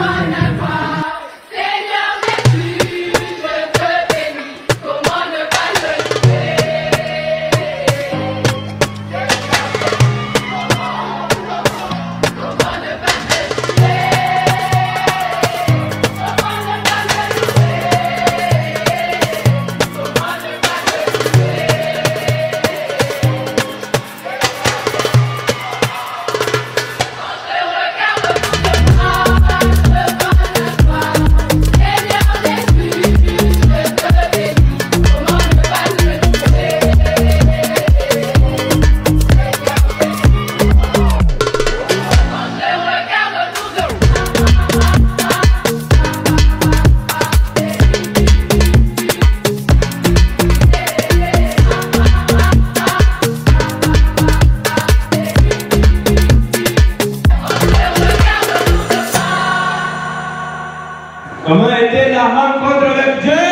Amen. Come on, la a de